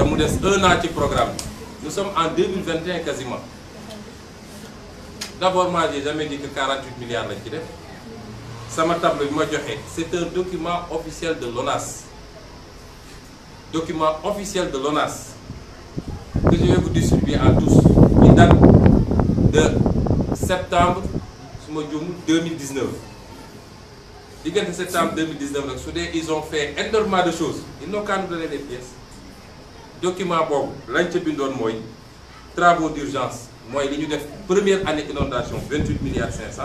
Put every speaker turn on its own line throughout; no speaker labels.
te mu des un naa ci programme bi nous en 2021 quasiment d' abord moi j'ai jamais dit que 48 milliards lañ ci def sama tableau bi ma joxe c' document officiel de l'ONAS document officiel de l'ONAS que je vais vous distribuer à tous qui date de septembre su ma juum 2019 diggante septembre 2019 su dee ils ont fait énormément de choses di n'ont qu'à nous donner des document boobu lañ ca bindoon mooy travaux d'urgence mooy li ñu def première année inondation 28 milliards 500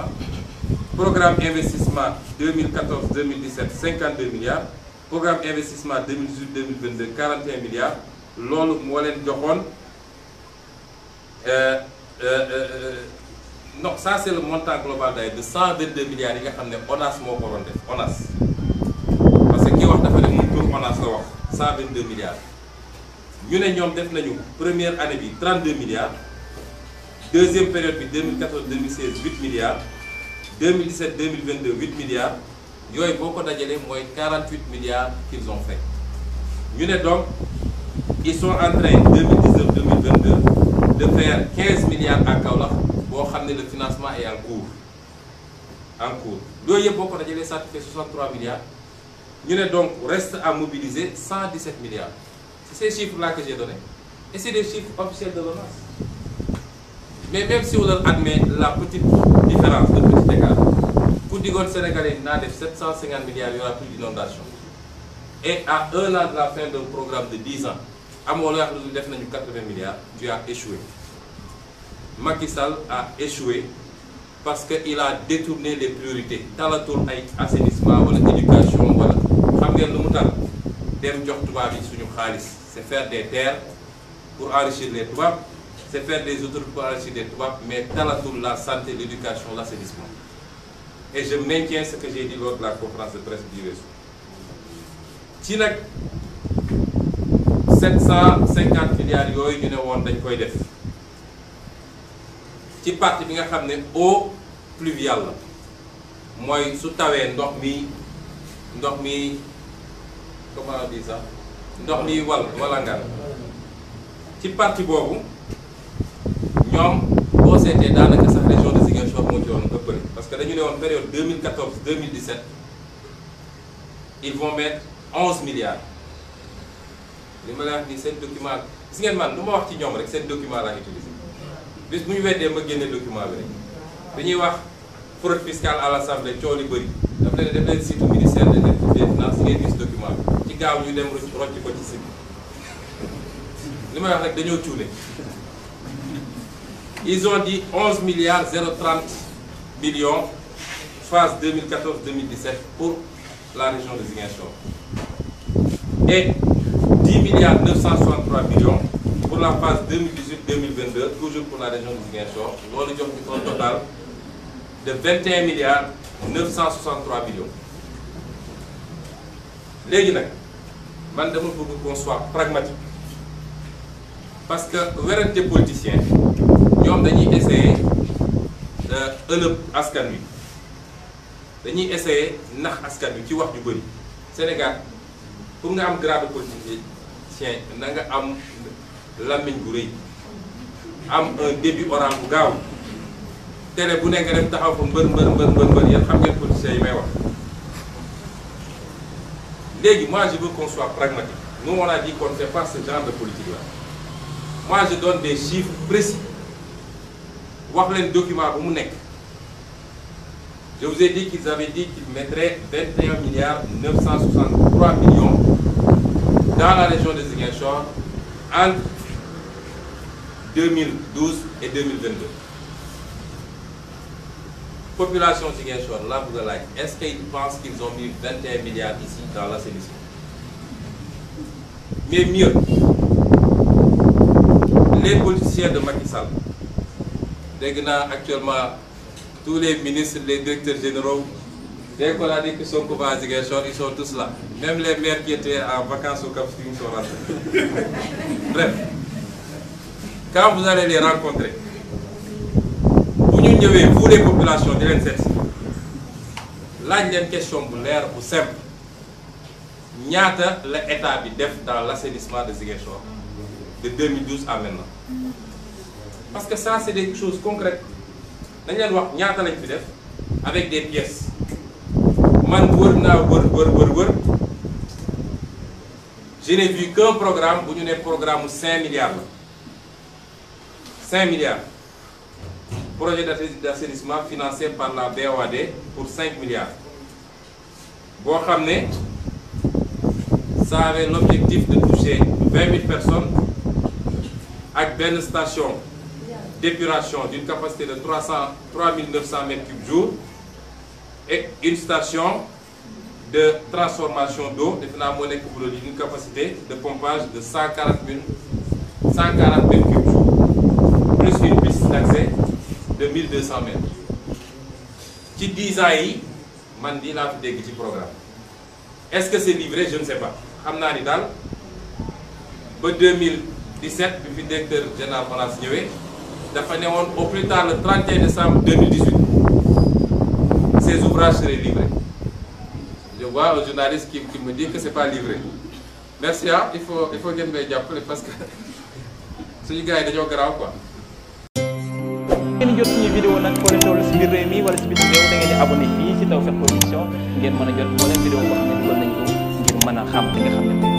programme investissement 2014 2017 52 milliards programme investissement 2018 2022 41 milliards loolu moo leen joxoon euh, euh, euh, non ça c'est le montant global d'ailleurs de 122 milliards yi nga xam ne ONAS moo ko waroon def ONAS parce que kii wax dafa ne moom pour ONAS la wax milliards. ñu ne ñoom def nañu première année bi 32 milliards deuxième période bi 2014 2016 8 milliards 2017 2022 8 milliards yooyu boo ko dajalee mooy 48 milliards qu'ils ont fait ñu ne donc ils sont en de faire 15 milliards à Kaolack boo xam ne le financement est en cours en cours boo ko dajalee ça fait 63 milliards ñu ne donc reste à mobiliser 117 milliards. C'est ces chiffres-là que j'ai donnés. c'est des chiffres officiels de l'ONAS. Mais même si on admet la petite différence de petit écart, pour Digone Sénégalais, il y a 750 milliards, plus d'inondation. Et à un de la fin d'un programme de 10 ans, à mon avis, nous avons 80 milliards, Dieu a échoué. Macky Sall a échoué parce qu'il a détourné les priorités. Dans la tour, avec assainissement, l'éducation, voilà. Vous savez, nous avons des xaalis c' est faire des terres pour enrichir les tubaab c' est faire des autoroutes pour enrichir les tubaab la santé l' éducation l' assainissement et je maintiens ce que j'ai dit lors de la conférence de presse bi weesu ci nag 750 milliards yooyu ñu ne woon dañ koy def ci partie bi nga xam ne eau pluviale la mooy su tawee ndox mi ndox mi comment on dit ça ndox mi wal wala ci parti boobu ñoom boo seetee daanaka sax région de Ziguinchor moo ci woon ëppale parce que dañu ne woon période 2014 2017 ils vont mettre 11 milliards li ma la wax ni seen document gis ngeen man ni ma wax ci ñoom rek seen document laa utilisé bis bu ñu weddee ma génne document la rek dañuy wax fraude fiscale à l'Assemblée coow li bëri daf leen def leen site ministère des finances ngeen gis document bi di gaaw ñu dem rocc ko ci si li may wax rek dañoo cuune ils ont dit 11 milliards 030 millions phase 2014-2017 pour la région de Ziguinchor et 10 milliards 963 millions pour la phase 2018-2022 toujours pour la région de Ziguinchor loolu jox ñu un total de 21 milliards 963 millions léegi nag man dama bëgg qu'on soit pragmatique parce que werante politicien ñoom dañuy essayer euh, ëlëb askan wi dañuy essayer nax askan wi ci wax ju bëri Sénégal pour nga am grade politicien na nga am làmmiñ bu rëy am un début oral bu gaaw télé bu nekk nga dem taxaw fa mbër mbër mbër mbër mbër yéen xam ngeen politiciens yi may wax Légui, moi je veux qu'on pragmatique. Nous on a dit qu'on ne fait pas ce genre de politique-là. Moi je donne des chiffres précis. Voir les documents comme nek. Je vous ai dit qu'ils avaient dit qu'ils mettraient 21 milliards 963 millions dans la région de Ziguinchor entre et population Ziguinchor laa bëgg a laaj est-ce qu'ils pensent qu'ils ont mis 21 milliards ici dans l'assainissement mais mieux les politiciens de Macky Sall dégg naa actuellement tous les ministres les directeurs généraux dès qu'on a dit que à Ziguinchor ils sont tous là même les maires en vacances au Cap Skirring sont là bref quand vous allez les rencontrer ñëwee vous les population di leen seet laaj leen question bu leer bu simple ñaata la état bi def dans l' assainissement de Ziguinchor de 2012 à maintenant parce que ça c' est des choses concrètes dañ leen wax ñaata lañ fi def avec des pièces man wër naa wër wër wër wër je programme bu ñu ne programme mu 5 milliards la milliards. projet d'assainissement financé par la BOAD pour 5 milliards. Bon, ça avait l'objectif de toucher 20 000 personnes avec une station d'épuration d'une capacité de 300, 3 900 m3 jour et une station de transformation d'eau de d'une capacité de pompage de 140 000, 140 000 m3. 1200 mètres ci 10 ans yi man di laa fi dégg ci programme est-ce que c'est livré je ne xam naa ni daal ba 2017 bi fi directeur général France ñëwee dafa ne woon au plus tard le 31 décembre 2018 ces ouvrages seraient livrés je vois un journaliste qui qui me dit que pas livré merci ah il faut il faut ngeen may jàppale parce que suñu gars yi dañoo garaaw quoi. ngeen jot suñu vidéo nag foo leen toll si biir réew mi wala si biir réew da ngeen di abonné fii si Tawfekh Production ngeen mën a jot moo xam ne dugal a xam li nga